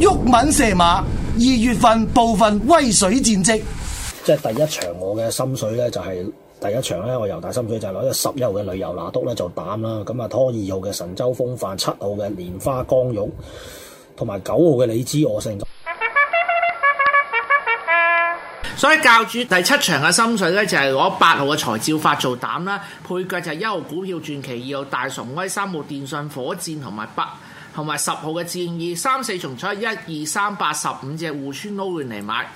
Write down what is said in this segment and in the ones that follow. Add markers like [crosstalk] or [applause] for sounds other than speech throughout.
毓民射馬二月份部分威水戰績，即係第一場我嘅心水咧，就係第一場咧，我由大心水就攞咗十一號嘅旅遊拿督咧做膽啦，咁啊拖二號嘅神州風範、七號嘅蓮花光玉，同埋九號嘅你知我勝。所以教主第七場嘅心水咧就係攞八號嘅財照發做膽啦，配腳就係一號股票傳奇、二號大崇威、三號電信火箭同埋北。同埋十號嘅戰意，三四重彩，一二三八十五隻互串撈亂嚟買，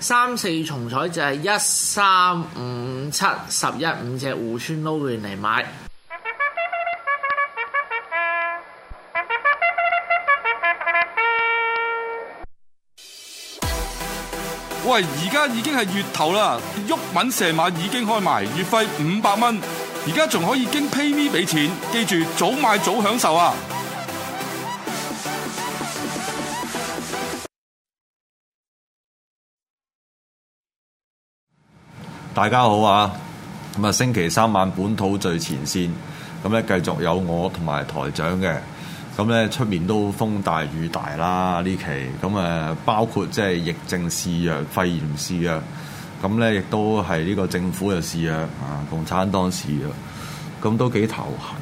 三四重彩，就係一三五七十一五隻互串撈亂嚟買。喂，而家已經係月頭啦，沃敏蛇晚已經開埋，月費五百蚊，而家仲可以經 PayMe 畀錢，記住早買早享受啊！大家好啊，咁啊，星期三晚本土最前線，咁咧繼續有我同埋台長嘅。咁咧出面都風大雨大啦呢期，咁、嗯、誒包括即係疫症肆虐、肺炎肆虐，咁咧亦都係呢個政府嘅肆虐，啊共產黨肆虐，咁、嗯、都幾頭痕。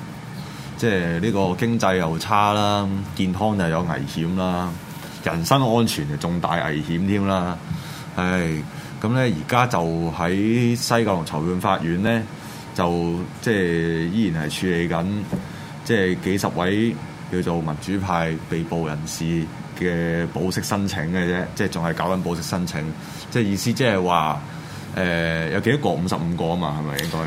即係呢個經濟又差啦，健康又有危險啦，人身安全又重大危險添啦。唉、哎，咁咧而家就喺西九龍裁判法院咧，就即係、就是、依然係處理緊，即、就、係、是、幾十位。叫做民主派被捕人士嘅保釋申請嘅啫，即係仲係搞緊保釋申請，即係意思即係話誒有幾多個五十五個啊嘛，係咪應該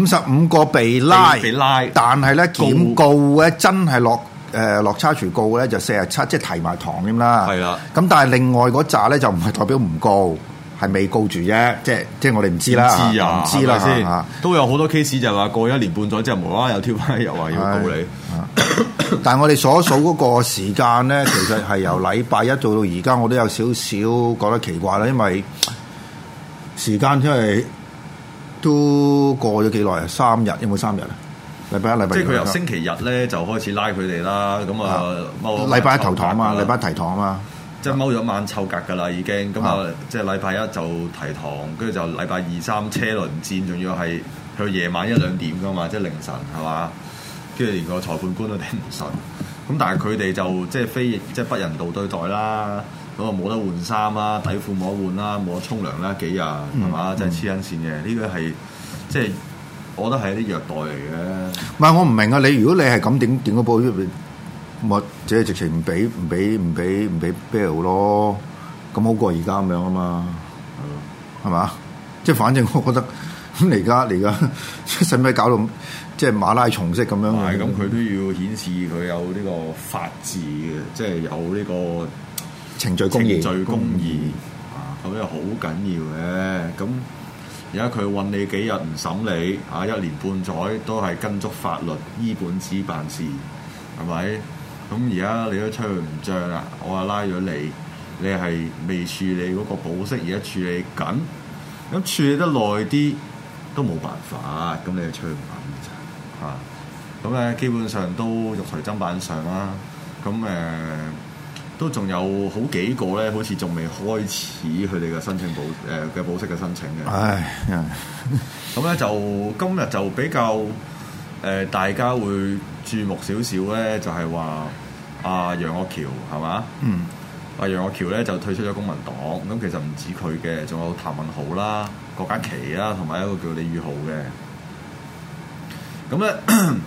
五十五個被拉，被拉，但係咧告檢告嘅真係落誒落差傳告咧就四十七，即係提埋堂咁啦。係啊，咁但係另外嗰扎咧就唔係代表唔告，係未告住啫，即係即係我哋唔知啦，知啊，唔知啦先，都有好多 case 就係話過一年半載之後無啦啦又跳翻又話要告你。 [laughs] [laughs] [laughs] 但係我哋所數嗰個時間咧，其實係由禮拜一做到而家，我都有少少覺得奇怪啦，因為時間因為都過咗幾耐啊，三日有冇三日啊？禮拜一禮拜二即係佢由星期日咧就開始拉佢哋啦，咁啊，踎禮拜一頭堂啊，禮拜一提堂嘛啊，即係踎咗一晚臭格噶啦，已經咁啊，即係禮拜一就提堂，跟住就禮拜二三車輪戰，仲要係去夜晚一兩點噶嘛，即係凌晨係嘛？跟住連個裁判官都頂唔順，咁但係佢哋就即係非即係、就是、不人道對待啦，咁啊冇得換衫啦，底褲冇得換啦，冇得沖涼啦，幾日係嘛？就黐緊線嘅，呢個係即係我覺得係啲虐待嚟嘅。唔係我唔明啊，你如果你係咁點點個報或者咪直情唔俾唔俾唔俾唔俾 ball 咯，咁好過而家咁樣啊嘛，係、嗯、嘛？即、嗯、係反正我覺得咁嚟而家你而家使咩搞到？即係馬拉松式咁樣，係咁佢都要顯示佢有呢個法治嘅，即係有呢個程序公義、程序公義，公義啊，咁又好緊要嘅。咁而家佢韞你幾日唔審理，啊？一年半載都係跟足法律依本子辦事，係咪？咁而家你都出唔著啦，我話拉咗你，你係未處理嗰個保釋，而家處理緊，咁處理得耐啲都冇辦法，咁你又出唔到。嚇咁咧，基本上都肉隨砧板上啦。咁、啊、誒，都仲有好幾個咧，好似仲未開始佢哋嘅申請保誒嘅、呃、保釋嘅申請嘅。唉， [laughs] 咁咧就今日就比較誒、呃，大家會注目少少咧，就係話阿楊岳橋係嘛？嗯，阿楊岳橋咧就退出咗公民黨。咁其實唔止佢嘅，仲有譚文豪啦、郭家麒啦，同埋一個叫李宇豪嘅。咁咧、嗯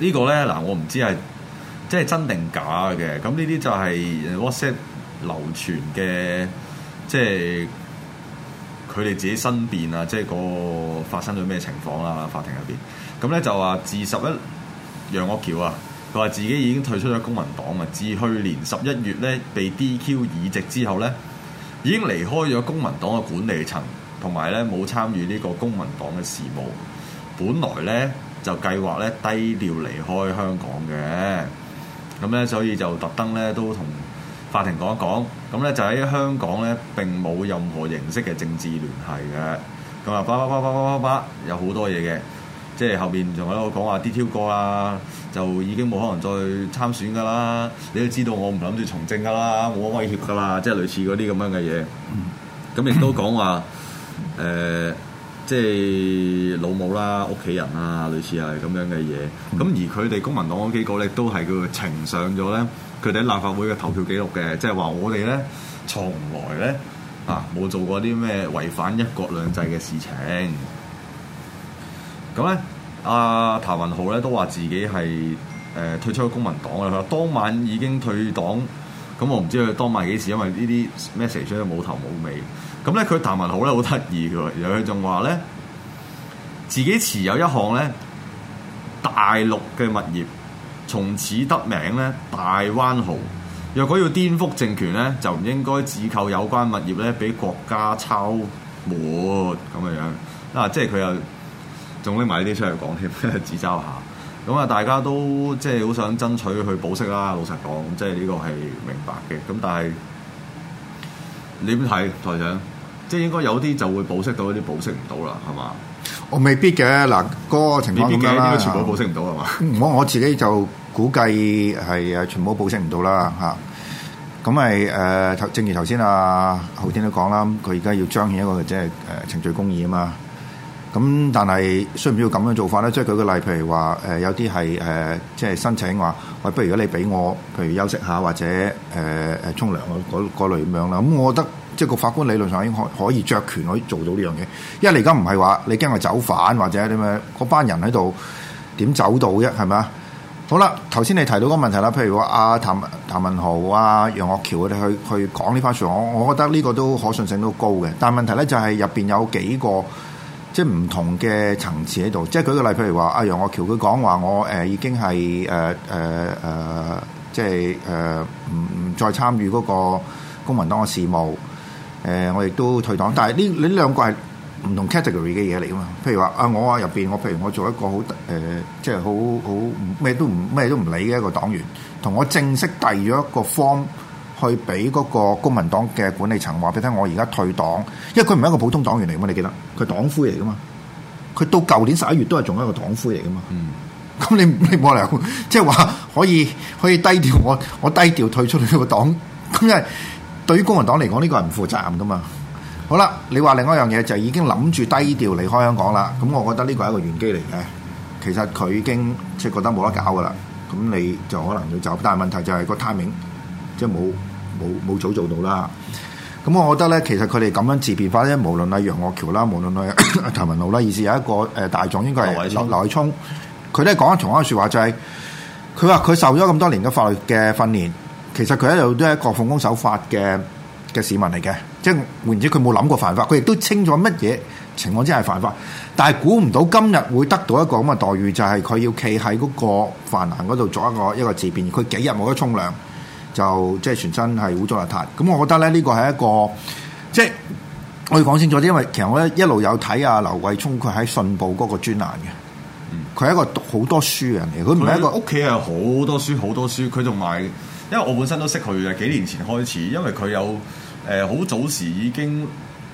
這個、呢個咧嗱，我唔知係即係真定假嘅。咁呢啲就係 WhatsApp 流傳嘅，即係佢哋自己身辯啊，即係嗰、那個發生咗咩情況啊？法庭入邊，咁咧就話自十一楊岳橋啊，佢話自己已經退出咗公民黨啊。自去年十一月咧被 DQ 議席之後咧，已經離開咗公民黨嘅管理層，同埋咧冇參與呢參與個公民黨嘅事務。本來咧就計劃咧低調離開香港嘅，咁咧所以就特登咧都同法庭講一講，咁咧就喺香港咧並冇任何形式嘅政治聯繫嘅，咁啊叭叭叭叭叭叭叭有好多嘢嘅，即係後面仲喺度講話 DQ 過啊，就已經冇可能再參選噶啦，你都知道我唔諗住從政噶啦，冇威脅噶啦，即係類似嗰啲咁樣嘅嘢，咁亦都講話誒。呃即係老母啦、屋企人啊，類似係、啊、咁樣嘅嘢。咁而佢哋公民黨嗰幾個咧，都係佢呈上咗咧佢哋立法會嘅投票記錄嘅，即係話我哋咧從來咧啊冇做過啲咩違反一國兩制嘅事情。咁咧，阿譚文豪咧都話自己係誒退出咗公民黨嘅，佢話當晚已經退黨。咁、嗯、我唔知佢當晚幾時，因為呢啲 message 咧冇頭冇尾。咁咧佢譚文豪咧，好得意嘅。然後佢仲話咧，自己持有一項咧大陸嘅物業，從此得名咧大灣豪。若果要顛覆政權咧，就唔應該自購有關物業咧，俾國家抄沒咁嘅樣。嗱、啊，即係佢又仲拎埋啲出嚟講添，指 [laughs] 責下。咁啊，大家都即係好想爭取佢保釋啦。老實講，即係呢個係明白嘅。咁但係你點睇，台長？即係應該有啲就會保釋到，有啲保釋唔到啦，係嘛？我未必嘅。嗱，個情況點解全部保釋唔到係嘛？我我自己就估計係啊，全部保釋唔到啦嚇。咁係誒，正如頭先啊，浩天都講啦，佢而家要彰顯一個即係誒程序公義啊嘛。咁但係需唔需要咁樣做法咧？即係舉個例，譬如話誒、呃、有啲係誒即係申請話，喂、哎，不如果你俾我，譬如休息下或者誒誒沖涼，我過過咁樣啦。咁我覺得。即係個法官理論上已經可可以著權可以做到呢樣嘢，因為你而家唔係話你驚係走反或者點樣，嗰班人喺度點走到嘅係咪啊？好啦，頭先你提到個問題啦，譬如話阿、啊、譚譚文豪啊、楊岳橋佢哋去去講呢番說話，我我覺得呢個都可信性都高嘅，但係問題咧就係入邊有幾個即係唔同嘅層次喺度，即係舉個例，譬如話阿、啊、楊岳橋佢講話我誒、呃、已經係誒誒誒，即係誒唔再參與嗰個公民黨嘅事務。誒、呃，我亦都退黨，但係呢，呢兩個係唔同 category 嘅嘢嚟噶嘛？譬如話啊，我啊入邊，我譬如我做一個好誒、呃，即係好好咩都唔咩都唔理嘅一個黨員，同我正式遞咗一個 form 去俾嗰個公民黨嘅管理層，話俾佢聽，我而家退黨，因為佢唔係一個普通黨員嚟噶嘛，你記得佢黨魁嚟噶嘛？佢到舊年十一月都係仲係一個黨魁嚟噶嘛？咁、嗯、你你冇理由，即係話可以可以低調我我低調退出呢個黨，咁又係。對於公民黨嚟講，呢、這個係唔負責任噶嘛。好啦，你話另外一樣嘢就係、是、已經諗住低調離開香港啦。咁我覺得呢個係一個玄機嚟嘅。其實佢已經即係覺得冇得搞噶啦。咁你就可能要走，但係問題就係個 timing 即係冇冇冇早做到啦。咁我覺得咧，其實佢哋咁樣自變化咧，無論係楊岳橋啦，無論係譚文豪啦，而是有一個誒、呃、大狀應該係劉偉聰，佢咧講咗同一句說話、就是，就係佢話佢受咗咁多年嘅法律嘅訓練。其實佢一路都係一個奉公守法嘅嘅市民嚟嘅，即係換言之，佢冇諗過犯法，佢亦都清楚乜嘢情況之下係犯法，但係估唔到今日會得到一個咁嘅待遇，就係、是、佢要企喺嗰個犯欄嗰度作一個一個自辯，佢幾日冇得沖涼，就即係全身係污糟邋遢。咁我覺得咧，呢個係一個即係我要講清楚啲，因為其實我咧一路有睇阿劉慧聰佢喺信報嗰個專欄嘅，佢係一個讀好多書嘅人嚟，佢唔係一個屋企係好多書好多書，佢仲埋。因為我本身都識佢嘅，幾年前開始，因為佢有誒好、呃、早時已經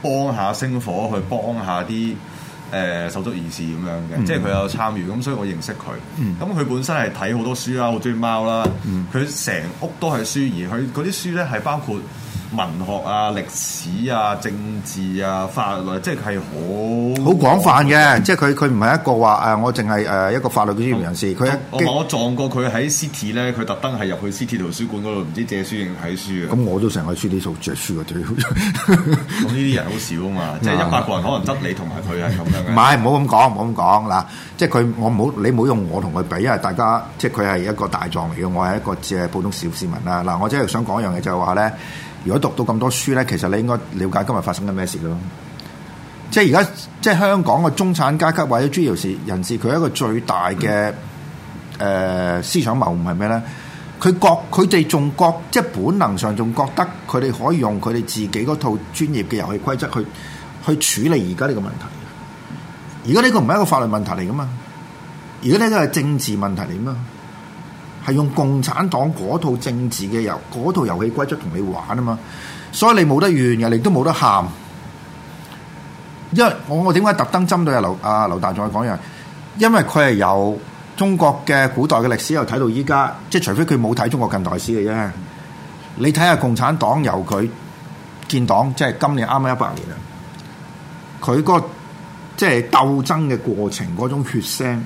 幫下星火，去幫一下啲誒、呃、手足儀事咁樣嘅，mm hmm. 即係佢有參與，咁所以我認識佢。咁佢、mm hmm. 本身係睇好多書啦，好中意貓啦，佢成、mm hmm. 屋都係書，而佢嗰啲書呢係包括。文學啊、歷史啊、政治啊、法律，即係係好好廣泛嘅。即係佢佢唔係一個話誒，我淨係誒一個法律嘅專業人士。佢我撞過佢喺 City 咧，佢特登係入去 City 圖書館嗰度唔知借書定睇書啊。咁我都成日去書店度著書，最主要咁，呢啲人好少啊嘛。即係一百個人可能得你同埋佢係咁樣。唔係，唔好咁講，唔好咁講嗱。即係佢我唔好你唔好用我同佢比，因為。大家即係佢係一個大狀嚟嘅，我係一個只係普通小市民啦。嗱，我真係想講一樣嘢就係話咧。如果讀到咁多書咧，其實你應該了解今日發生緊咩事嘅咯。即係而家，即係香港嘅中產階級或者專業人士人士，佢一個最大嘅誒、嗯呃、思想謬誤係咩咧？佢覺佢哋仲覺即係本能上仲覺得佢哋可以用佢哋自己嗰套專業嘅遊戲規則去去處理而家呢個問題。而家呢個唔係一個法律問題嚟噶嘛？而家呢個係政治問題嚟嘛？係用共產黨嗰套政治嘅遊戲，嗰套遊戲規則同你玩啊嘛，所以你冇得怨，又你都冇得喊。因為我我點解特登針對阿劉阿、啊、劉大壯講嘢？因為佢係由中國嘅古代嘅歷史又睇到依家，即係除非佢冇睇中國近代史嘅啫。你睇下共產黨由佢建黨，即係今年啱啱一百年啊！佢、嗰個即係、即係、鬥爭嘅過程嗰種血腥。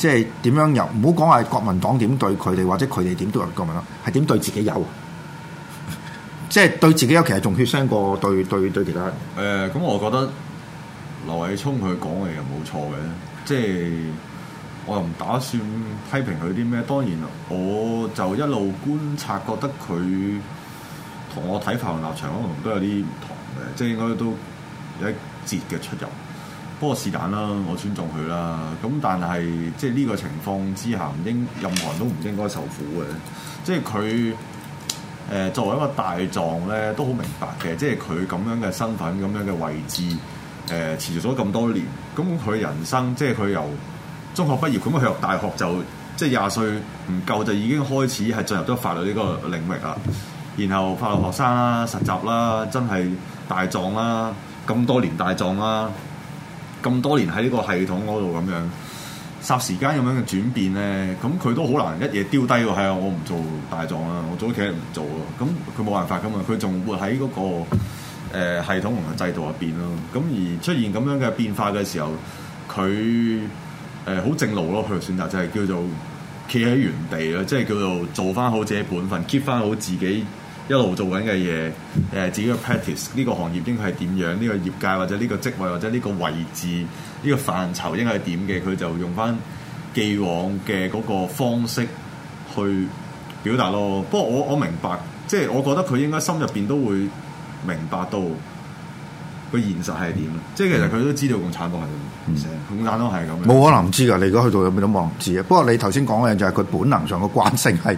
即係點樣有？唔好講係國民黨點對佢哋，或者佢哋點對國民黨，係點對自己有？ [laughs] 即係對自己有，其實仲血腥過對對對其他人。誒、呃，咁、嗯、我覺得劉偉聰佢講嘅又冇錯嘅。即係我又唔打算批評佢啲咩。當然，我就一路觀察，覺得佢同我睇法同立場可能都有啲唔同嘅。即係應該都有一節嘅出入。不過是但啦，我尊重佢啦。咁但係，即係呢個情況之下，唔應任何人都唔應該受苦嘅。即係佢、呃、作為一個大狀呢，都好明白嘅。即係佢咁樣嘅身份、咁樣嘅位置、呃、持續咗咁多年。咁佢人生即係佢由中學畢業咁，佢入大學就即係廿歲唔夠就已經開始係進入咗法律呢個領域啦。然後法律學生啦、啊、實習啦、啊，真係大狀啦、啊，咁多年大狀啦、啊。咁多年喺呢個系統嗰度咁樣，霎時間咁樣嘅轉變咧，咁佢都好難一夜丟低喎。係、哎、啊，我唔做大狀啊，我早做企唔做啊。咁佢冇辦法噶嘛，佢仲活喺嗰、那個、呃、系統同制度入邊咯。咁而出現咁樣嘅變化嘅時候，佢誒好正路咯。佢嘅選擇就係叫做企喺原地啦，即係叫做做翻好自己本分，keep 翻好自己。一路做緊嘅嘢，誒、呃、自己嘅 practice，呢個行業應該係點樣？呢、這個業界或者呢個職位或者呢個位置，呢、這個範疇應該係點嘅？佢就用翻既往嘅嗰個方式去表達咯。不過我我明白，即係我覺得佢應該心入邊都會明白到個現實係點。即係其實佢都知道共產黨係咁，成、嗯、共產黨係咁樣。冇可能唔知㗎，你而家去到有咩都望唔知啊。不過你頭先講嘅就係佢本能上嘅慣性係。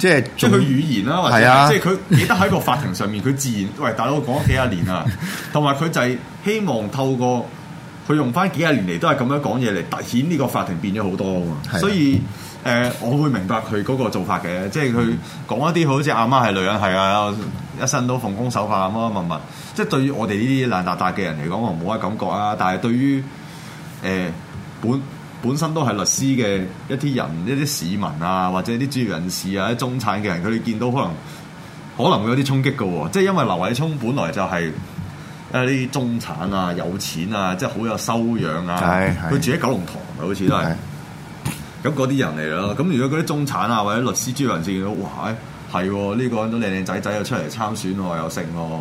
即係即係佢語言啦，或者、啊、即係佢記得喺個法庭上面，佢自然喂大佬講咗幾廿年啊，同埋佢就係希望透過佢用翻幾廿年嚟都係咁樣講嘢嚟凸顯呢個法庭變咗好多喎，啊、所以誒、呃，我會明白佢嗰個做法嘅，即係佢講一啲、嗯、好似阿媽係女人係啊，一生都奉公守法咁樣問問，即係對於我哋呢啲爛達達嘅人嚟講，我冇乜感覺啊，但係對於誒、呃、本。本身都係律師嘅一啲人，一啲市民啊，或者啲專業人士啊，啲中產嘅人，佢哋見到可能可能會有啲衝擊嘅、哦，即係因為劉偉聰本來就係一啲中產啊，有錢啊，即係好有修養啊，佢、啊、住喺九龍塘啊，好似都係。咁嗰啲人嚟咯。咁如果嗰啲中產啊，或者律師專業人士見到，哇，係呢、呢個都靚靚仔仔又出嚟參選喎、啊，又勝喎、啊，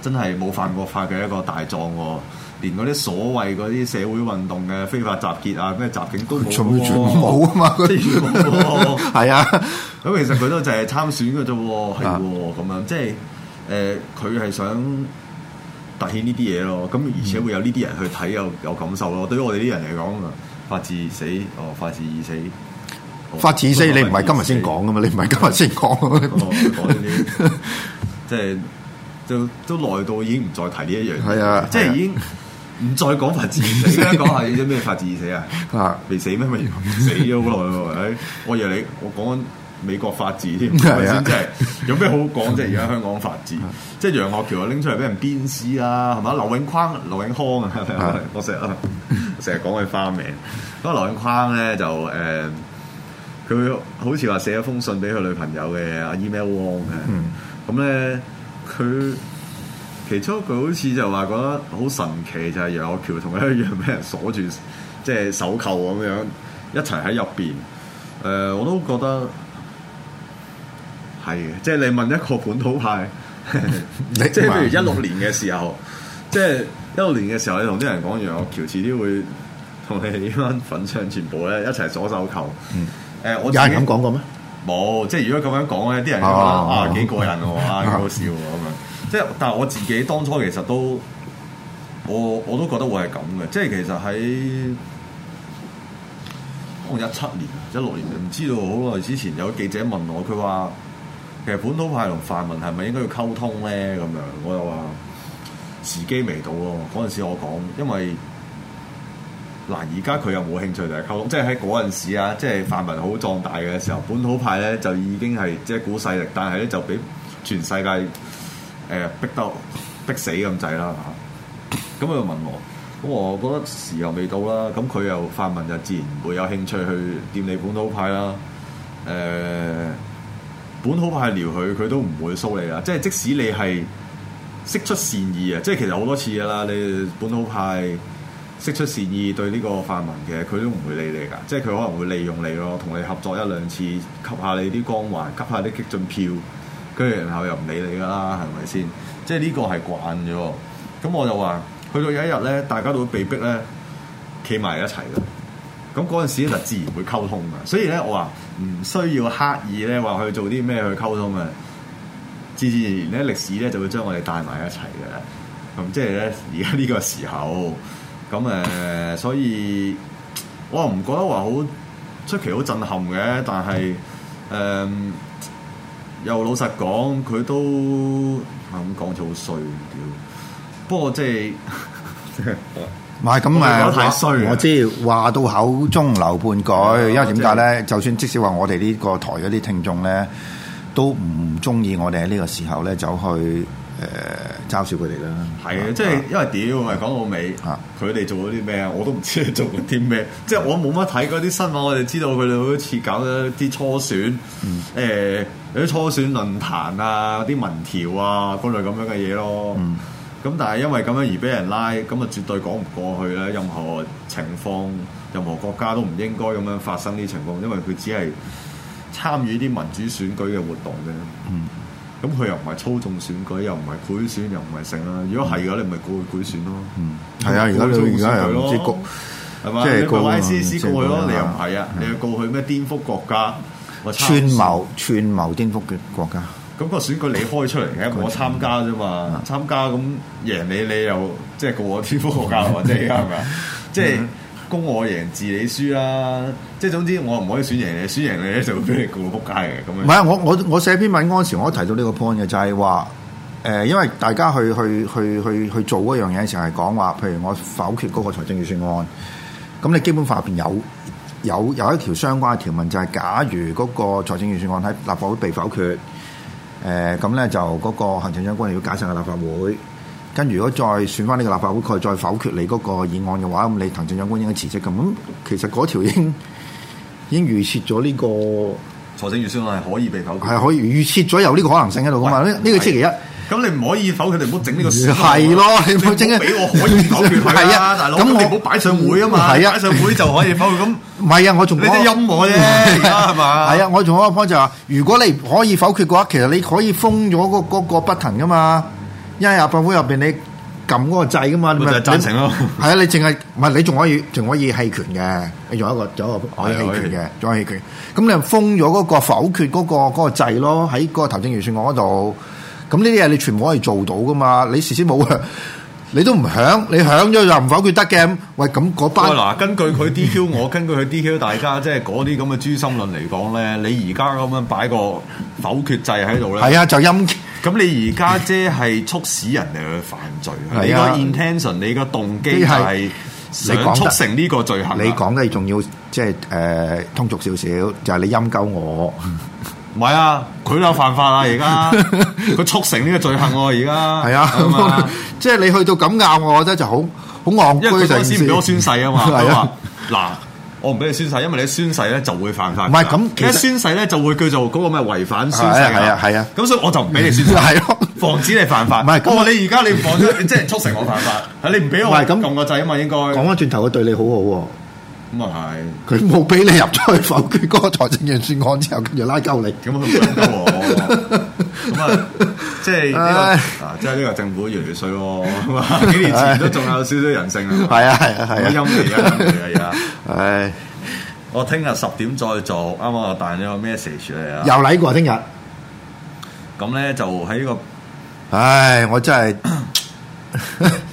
真係冇犯過法嘅一個大狀喎、啊。連嗰啲所謂嗰啲社會運動嘅非法集結啊，咩集警都冇喎，冇啊嘛嗰啲，係啊，咁其實佢都淨係參選嘅啫，係咁樣，即係誒，佢係想凸顯呢啲嘢咯。咁而且會有呢啲人去睇又有感受咯。對於我哋啲人嚟講法治死哦，法治已死，法治死你唔係今日先講噶嘛？你唔係今日先講，講呢啲即係就都耐到已經唔再提呢一樣，係啊，即係已經。唔再講法治，而家講下嘢啫。咩法治而死啊？未死咩？咪 [laughs] 死咗好耐，我以為你我講緊美國法治添，係咪先？真係有咩好講啫？即係而家香港法治，即係楊岳橋又拎出嚟俾人鞭屍啦，係嘛？劉永匡、劉永康啊， [laughs] [laughs] 我成日成日講佢花名。嗰個劉永匡咧就誒，佢、呃、好似話寫咗封信俾佢女朋友嘅阿 email 嘅，咁咧佢。嗯其中佢好似就話覺得好神奇，就橋，就係楊岳橋同佢一樣俾人鎖住，即係手扣咁樣一齊喺入邊。誒、呃，我都覺得係嘅。即係、就是、你問一個本土派，即係譬如一六年嘅時候，即係一六年嘅時候， [laughs] 時候你同啲人講楊岳橋遲啲會同你啲班粉腸全部咧一齊鎖手扣。嗯呃、我有人咁講過咩？冇。即、就、係、是、如果咁樣講咧，啲人就覺得啊幾過癮喎，啊幾好、啊、笑喎。 [laughs] 即係，但係我自己當初其實都我我都覺得會係咁嘅。即係其實喺可能一七年、一六年，唔知道好耐之前有記者問我，佢話其實本土派同泛民係咪應該要溝通咧？咁樣我又話時機未到喎。嗰陣時我講，因為嗱而家佢又冇興趣就係溝通，即係喺嗰陣時啊，即係泛民好壯大嘅時候，本土派咧就已經係即係一股勢力，但係咧就俾全世界。誒逼得逼死咁滯啦嚇，咁佢就問我，咁、啊、我覺得時候未到啦，咁佢又泛民就自然唔會有興趣去掂你本土派啦。誒、啊，本土派撩佢，佢都唔會疏你啦。即係即使你係釋出善意啊，即係其實好多次嘅啦，你本土派釋出善意對呢個泛民嘅，佢都唔會理你㗎。即係佢可能會利用你咯，同你合作一兩次，吸下你啲光環，吸下啲激進票，跟住然後又唔理你噶啦，係咪先？即係呢個係慣咗。咁我就話，去到有一日咧，大家都會被逼咧，企埋一齊啦。咁嗰陣時咧就自然會溝通嘅。所以咧，我話唔需要刻意咧話去做啲咩去溝通嘅。自自然然咧歷史咧就會將我哋帶埋一齊嘅。咁即係咧而家呢個時候，咁誒、呃，所以我唔覺得話好出奇、好震撼嘅，但係誒。呃又老實講，佢都咁講就好衰，屌！不過即係，唔係咁咪太衰。我知話到口中留半句，啊、因為點解咧？是就算即使話我哋呢個台嗰啲聽眾咧，都唔中意我哋喺呢個時候咧走去誒、呃、嘲笑佢哋啦。係的啊，即係因為屌，係講到尾嚇佢哋做咗啲咩啊？我都唔知佢做咗啲咩，嗯、即係我冇乜睇嗰啲新聞，我哋知道佢哋好似搞咗啲初選誒。呃嗯嗯啲初選論壇啊，啲民調啊，嗰類咁樣嘅嘢咯。咁但係因為咁樣而俾人拉，咁啊絕對講唔過去啦。任何情況，任何國家都唔應該咁樣發生呢情況，因為佢只係參與啲民主選舉嘅活動啫。嗯。咁佢又唔係操縱選舉，又唔係賄選，又唔係成啦。如果係嘅，你咪告佢賄選咯。嗯。係啊，而家你而家又唔知過，係嘛？你告 I C C 過去咯，你又唔係啊？你去告去咩？顛覆國家。串謀串謀顛覆嘅國家，咁個選舉你開出嚟嘅， [laughs] 我參加啫嘛，參加咁贏你，你又即係告我顛覆國家，或者係咪、 [laughs] 即係、啊？即係供我贏，自你輸啦，即係總之我唔可以選贏你，輸贏你咧就會俾你告到撲街嘅，咁樣。唔係啊，我我我寫篇文嗰時，我，時我提到呢個 point 嘅，就係話誒，因為大家去去去去去做嗰樣嘢嘅時候，係講話，譬如我否決嗰個財政預算案，咁你基本法入邊有。有有一條相關嘅條文，就係假如嗰個財政預算案喺立法會被否決，誒咁咧就嗰個行政長官要解散個立法會，跟住如果再選返呢個立法會，佢再否決你嗰個議案嘅話，咁你行政長官應該辭職嘅。咁其實嗰條已經已經預設咗呢個財政預算案係可以被否決，係可以預設咗有呢個可能性喺度㗎嘛。呢個星期一，咁你唔可以否決，你唔好整呢個係咯，唔好整俾我可以否決佢啊，大佬，唔好擺上會啊嘛，擺上會就可以否佢咁。唔係啊！我仲你啲音謀啫，而係嘛？係啊！我仲有一個就話，如果你可以否決嘅話，其實你可以封咗個嗰個筆藤噶嘛，因為立法會入邊你撳嗰個掣噶嘛，咪就係贊成咯。係啊！你淨係唔係？你仲可以仲可以棄權嘅？仲有一個仲有一個可以棄權嘅，仲有棄權。咁你封咗嗰個否決嗰個掣咯，喺嗰個投財政預算案嗰度。咁呢啲嘢你全部可以做到噶嘛？你事先冇你都唔響，你響咗又唔否決得嘅。喂，咁嗰班嗱，根據佢 DQ，我 [laughs] 根據佢 DQ，大家即係嗰啲咁嘅誅心論嚟講咧，你而家咁樣擺個否決掣喺度咧，係啊，就陰。咁你而家即係促使人哋去犯罪 [laughs] 你係啊，intention， [laughs] 你個動機係想促成呢個罪行你得。你講嘅仲要即係誒、呃、通俗少少，就係、是、你陰鳩我。唔 [laughs] 咪啊，佢有犯法啊！而家。佢促成呢個罪行喎，而家係啊，即係你去到咁拗，我覺得就好好戇，因為佢頭先唔俾我宣誓啊嘛。佢話嗱，我唔俾你宣誓，因為你宣誓咧就會犯法。唔係咁，其實宣誓咧就會叫做嗰個咩違反宣誓啊。係啊係啊係啊，咁所以我就唔俾你宣誓，係咯，防止你犯法。唔係，我話你而家你防咗，即係促成我犯法。係你唔俾我，唔係咁撳個掣啊嘛，應該講翻轉頭，佢對你好好。咁啊係，佢冇俾你入咗去否決嗰個財政預算案之後，跟住拉鳩你。咁啊，即係啊，即係呢個政府越來越衰。 [laughs] 幾年前都仲有少少人性 [laughs] 是是啊，係啊係啊係。陰嚟噶，陰嚟唉，啊 [laughs] 啊、我聽日十點再做，啱啊！但係你有咩 message 嚟啊？又嚟過聽日。咁咧就喺呢、這個， [laughs] 唉，我真係。 [laughs]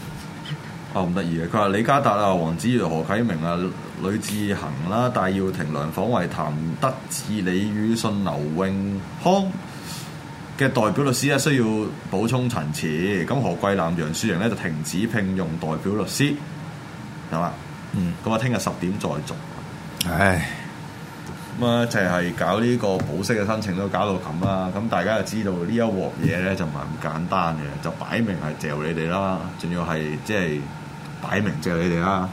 啊唔、哦、得意嘅，佢話李嘉達啊、黃子悅、何啟明啊、呂智恆啦、戴耀廷、梁晃維、譚得志、李予信、劉頴匡嘅代表律師咧，需要補充陳詞。咁何桂藍、楊雪盈呢，就停止聘用代表律師，係嘛？嗯，咁啊，聽日十點再續。唉，咁啊、嗯，就係、是、搞呢個保釋嘅申請都搞到咁啦。咁大家就知道呢一鑊嘢咧就唔係咁簡單嘅，就擺明係嚼你哋啦，仲要係即係。擺明就係你哋啦，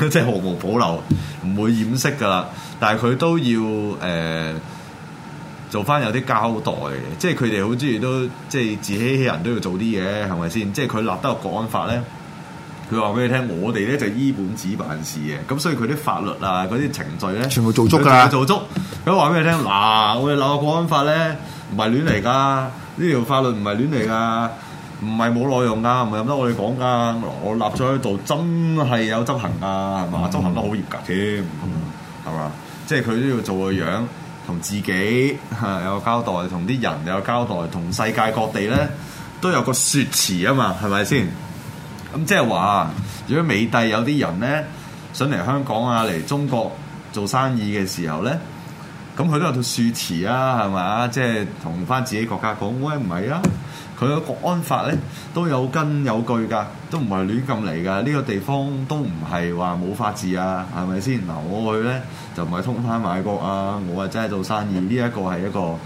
即係毫無保留，唔會掩飾噶啦。但係佢都要誒、呃、做翻有啲交代嘅，即係佢哋好中意都即係自欺欺人，都要做啲嘢，係咪先？即係佢立得個《國安法》咧，佢話俾你聽，我哋咧就依本子辦事嘅，咁所以佢啲法律啊、嗰啲程序咧，全部做足㗎、啊，做足。咁話俾你聽，嗱，我哋立個《國安法》呢咧，唔係亂嚟㗎，呢條法律唔係亂嚟㗎。唔係冇內容噶，唔係咁得我哋講噶。我立咗喺度，真係有執行噶，係嘛？嗯、執行得好嚴格添，係嘛？嗯、即係佢都要做個樣，同自己嚇有個交代，同啲人有交代，同世界各地咧都有個説辭啊嘛，係咪先？咁即係話，如果美帝有啲人咧想嚟香港啊嚟中國做生意嘅時候咧，咁佢都有套説辭啊，係咪啊？即係同返自己國家講，喂，唔係啊！佢個國安法咧都有根有據㗎，都唔係亂咁嚟㗎。呢、這個地方都唔係話冇法治啊，係咪先？嗱，我去咧就唔係通番賣國啊，我係真係做生意。呢、這個、一個係一個誒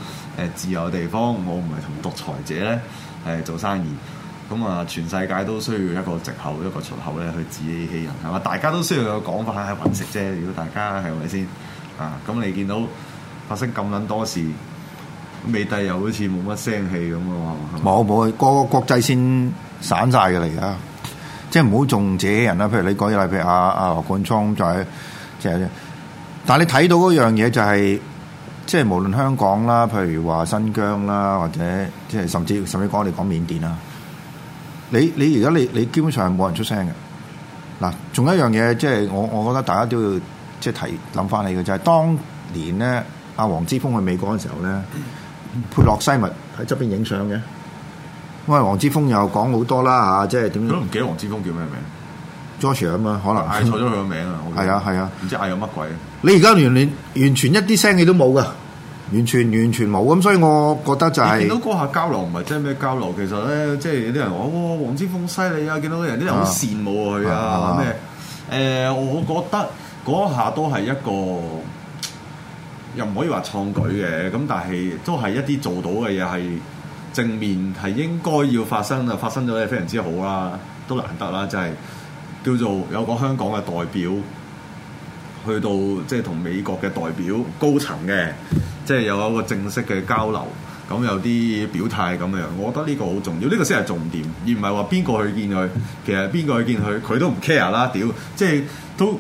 自由地方，我唔係同獨裁者咧係做生意。咁啊，全世界都需要一個藉口、一個出口咧去自欺欺人，係嘛？大家都需要有講法，係搵食啫。如果大家係咪先？啊，咁你見到發生咁撚多事。美帝又好似冇乜聲氣咁咯，冇冇，個個國際先散晒嘅嚟噶，即係唔好中自己人啦。譬如你講，例如譬如阿阿羅冠聰就係、是就是就是，即係。但係你睇到嗰樣嘢就係，即係無論香港啦，譬如話新疆啦，或者即係甚至甚至講嚟講緬甸啦，你你而家你你基本上係冇人出聲嘅。嗱，仲有一樣嘢、就是，即係我我覺得大家都要即係提諗翻你嘅就係、是，當年咧阿黃之鋒去美國嘅時候咧。 [coughs] 佩洛西密喺側邊影相嘅，我係黃之鋒又講好多啦吓，即係點？我都唔記得黃之鋒叫咩名，Joshua 啊嘛，可能嗌錯咗佢個名 [laughs] 啊，我係啊係啊，唔知嗌咗乜鬼。你而家連連完全一啲聲氣都冇噶，完全完全冇咁，所以我覺得就係、是。見到嗰下交流唔係真咩交流，其實咧即係有啲人話、哦，黃之鋒犀利啊，見到啲人啲人好羨慕佢啊咩？誒、啊啊呃，我覺得嗰下都係一個。又唔可以話創舉嘅，咁但係都係一啲做到嘅嘢係正面，係應該要發生啊！發生咗咧，非常之好啦，都難得啦，就係叫做有個香港嘅代表去到即係同美國嘅代表高層嘅，即係有一個正式嘅交流，咁有啲表態咁樣，我覺得呢個好重要，呢個先係重點，而唔係話邊個去見佢，其實邊個去見佢，佢都唔 care 啦，屌，即係都。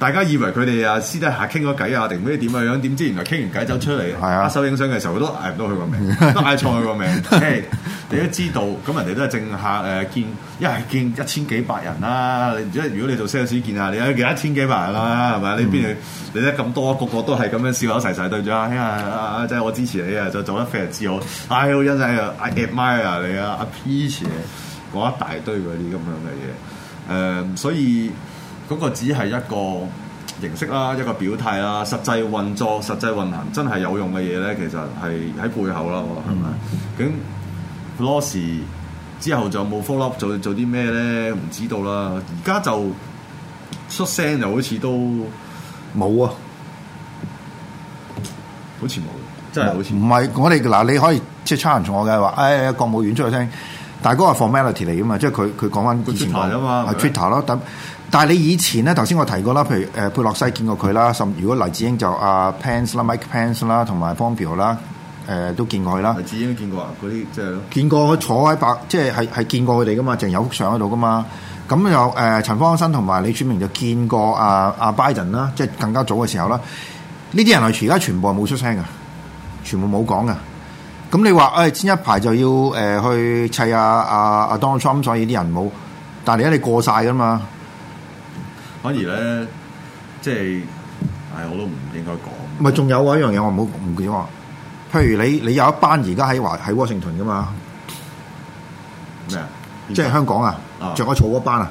大家以為佢哋啊私底下傾咗偈啊，定唔知點嘅樣？點知原來傾完偈走出嚟，握手影相嘅時候，都嗌唔到佢個名， [laughs] 都嗌錯佢個名。即係 [laughs] 你都知道，咁人哋都係政客誒見，一係見一千幾百人啦。即係如果你做 sales 見下，你見一千幾百人啦，係咪？你邊、嗯、你咧咁多，個個都係咁樣笑口齊，齊齊對咗。啊、哎！啊啊！真係我支持你啊！就做得非常之好。哎，好欣賞啊、哎、！I admire 你啊！I appreciate 嗰一大堆嗰啲咁樣嘅嘢。誒、嗯，所以。嗰個只係一個形式啦，一個表態啦，實際運作、實際運行真係有用嘅嘢咧。其實係喺背後啦，係咪、嗯？咁 Lossy 之後就冇 follow up，做做啲咩咧？唔知道啦。而家就出聲就，又好似都冇啊，好似冇，真係好似唔係。我哋嗱，你可以即係 challenge 我嘅話，誒、哎、國務院出咗聲，但個係 formality 嚟噶嘛，即係佢佢講翻啲情況，係 Twitter 咯，等。但係你以前咧，頭先我提過啦，譬如誒佩洛西見過佢啦，甚如果黎智英就阿、是、Pence 啦、Mike Pence 啦、呃，同埋 Pompeo 啦，誒都見過佢啦。黎智英都見過啊，嗰、啊、啲、啊、即係咯。見過坐喺白，即係係係見過佢哋噶嘛，淨有幅相喺度噶嘛。咁又誒陳方生同埋李柱銘就見過阿 Biden 啦，即係更加早嘅時候啦。呢啲人嚟，而家全部冇出聲噶，全部冇講噶。咁、嗯、你話誒前一排就要誒、呃、去砌阿阿阿 Donald Trump，所以啲人冇。但係而家你過晒噶嘛？反而咧，即係，唉，我都唔應該講。唔係，仲有啊一樣嘢，我冇唔記得話。譬如你，你有一班而家喺華喺華盛頓噶嘛？咩啊麼？即係香港啊！著咗、啊、草嗰班啊！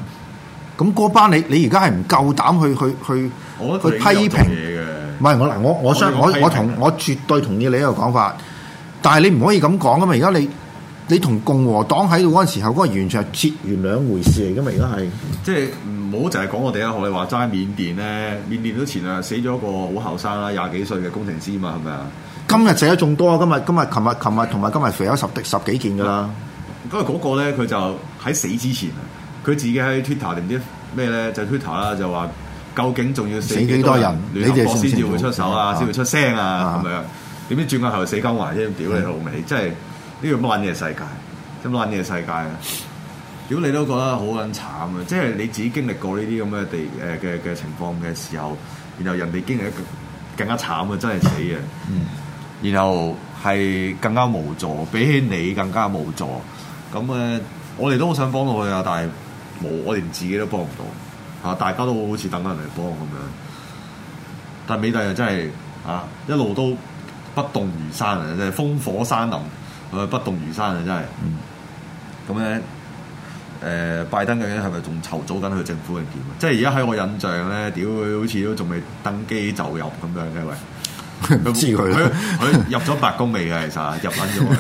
咁、那、嗰、個、班你你而家係唔夠膽去去去去批評嘅？唔係我嗱，我我相我我同我絕對同意你呢個講法，但係你唔可以咁講噶嘛！而家你。你同共和黨喺度嗰陣時候，嗰個完全係截完兩回事嚟，嘅嘛。而家係即係唔好淨係講我哋啊！我哋話齋緬甸咧，緬甸都前日死咗個好後生啦，廿幾歲嘅工程師啊嘛，係咪啊？今日死咗仲多啊！今日今日琴日琴日同埋今日肥咗十的十幾件噶啦。嗰個咧佢就喺死之前啊，佢自己喺 Twitter 定唔知咩咧，就 Twitter 啦，就話究竟仲要死幾多人，你哋先至會出手啊，先會出聲啊，咁樣點知轉個頭死鳩埋啫？屌你老味，真係！呢個乜嘢世界，啲乜嘢世界啊！如果你都覺得好撚慘啊，即係你自己經歷過呢啲咁嘅地誒嘅嘅情況嘅時候，然後人哋經歷得更，更加慘啊，真係死啊！嗯、然後係更加無助，比起你更加無助。咁誒，我哋都好想幫到佢啊，但係冇，我哋連自己都幫唔到嚇，大家都好似等緊人嚟幫咁樣。但美帝又真係啊，一路都不動如山啊，即係風火山林。佢不動如山啊！真係，咁咧誒，拜登究竟係咪仲籌組緊去政府嘅件？即係而家喺我印象咧，屌佢好似都仲未登機就入咁樣嘅。喂！唔知佢，佢入咗白宮未嘅其實？入緊咗，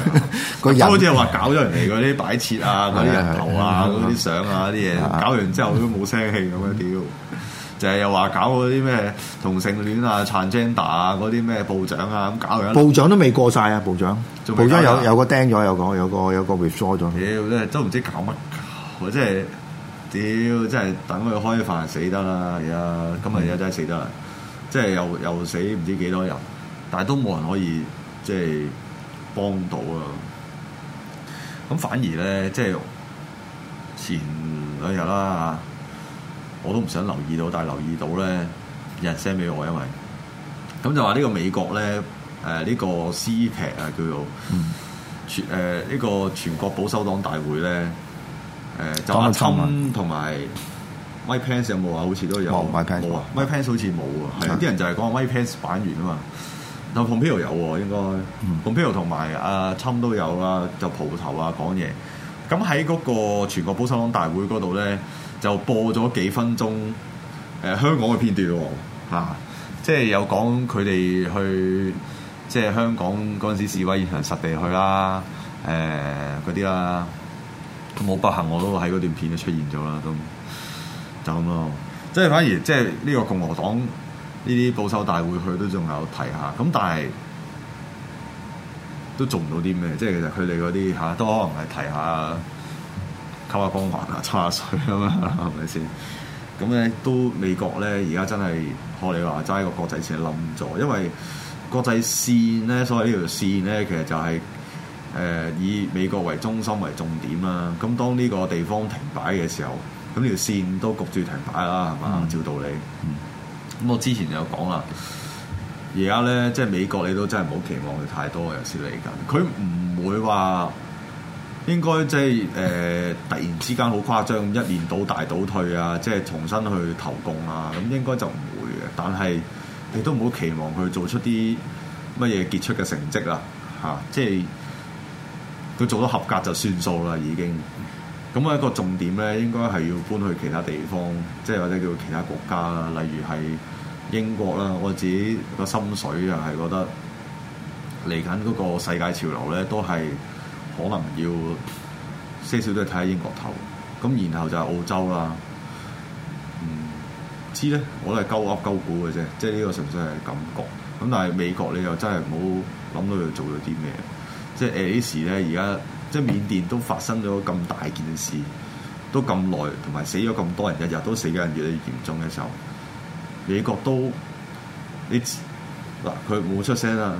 佢 [laughs] 入好似話搞咗人哋嗰啲擺設啊，嗰啲 [laughs] 人頭啊，嗰啲 [laughs] 相啊啲嘢，搞完之後都冇聲氣咁啊屌！嗯 [laughs] 就係又話搞嗰啲咩同性戀啊、殘 g 打啊、嗰啲咩部長啊咁搞嘅，部長都未過晒啊！部長，部長有有個釘咗，有個有個有個 retro 咗。屌，真係都唔知搞乜，我真係，屌真係等佢開飯死得啦！而家今日又真係死得，即係又又死唔知幾多人，但係都冇人可以即係幫到啊！咁反而咧，即係前兩日啦我都唔想留意到，但係留意到咧，有人 send 俾我，因為咁就話呢個美國咧，誒、呃、呢、呢個 CPAC 啊叫做，誒、呃、呢個全國保守黨大會咧，誒就阿侵同埋 Mike Pence 有冇啊？好似都有，冇啊，Mike Pence 好似冇啊，係啲人就係講 Mike Pence 玩完啊嘛，但係 Pompeo 有喎，應該 Pompeo 同埋阿侵都有啊，就蒲頭啊講嘢，咁喺嗰個全國保守黨大會嗰度咧。就播咗幾分鐘，誒、呃、香港嘅片段喎、啊、即係有講佢哋去即係香港嗰陣時示威現場實地去啦，誒嗰啲啦，冇不幸我都喺嗰段片都出現咗啦，都就咁咯、啊。即係反而即係呢個共和黨呢啲保守大會去都仲有提下，咁但係都做唔到啲咩，即係其實佢哋嗰啲嚇都可能係提下。扣下光環啊，叉下水啊嘛，係咪先？咁 [laughs] 咧都美國咧，而家真係學你話齋個國際線冧咗，因為國際線咧，所謂呢條線咧，其實就係、是、誒、呃、以美國為中心為重點啦、啊。咁當呢個地方停擺嘅時候，咁條線都焗住停擺啦，係嘛？嗯、照道理。咁、嗯嗯、我之前有講啦，而家咧即係美國，你都真係唔好期望佢太多，有時嚟緊。佢唔會話。應該即係誒、呃，突然之間好誇張，一年倒大倒退啊！即係重新去投共啊！咁應該就唔會嘅，但係你都唔好期望佢做出啲乜嘢傑出嘅成績啊，嚇！即係佢做得合格就算數啦，已經。咁啊，一個重點咧，應該係要搬去其他地方，即係或者叫其他國家啦，例如係英國啦、啊。我自己個心水又係覺得嚟緊嗰個世界潮流咧，都係。可能要些少都係睇喺英國頭，咁然後就係澳洲啦。嗯，知咧，我都係鳩噏鳩估嘅啫，即係呢個純粹係感覺。咁但係美國你又真係唔好諗到佢做咗啲咩。即係 A 時咧，而家即係緬甸都發生咗咁大件事，都咁耐，同埋死咗咁多人，日日都死嘅人越嚟越嚴重嘅時候，美國都你嗱佢冇出聲啦。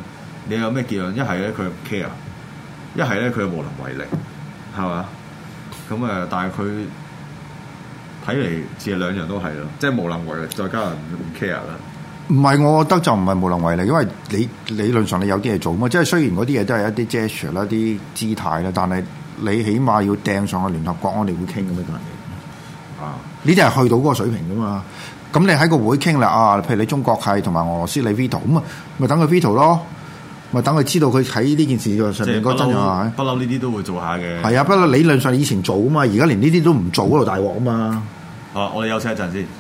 你有咩結論？一係咧佢唔 care。一係咧佢無能為力，係嘛？咁誒，但係佢睇嚟，似係兩樣都係咯，即係無能為力，再加上唔 care 啦。唔係，我覺得就唔係無能為力，因為理理論上你有啲嘢做嘛，即係雖然嗰啲嘢都係一啲 gesture 啦、一啲姿態啦，但係你起碼要掟上去聯合國，我哋會傾嘅咩？當然，啊，呢啲係去到嗰個水平噶嘛。咁你喺個會傾啦，啊，譬如你中國係同埋俄羅斯你 veto，咁啊，咪等佢 veto 咯。咪等佢知道佢喺呢件事上，上面嗰真相係咪？不嬲呢啲都會做下嘅。係啊，不嬲理論上以前做啊嘛，而家連呢啲都唔做嗰、那個、大鑊啊嘛。好，我哋休息一陣先。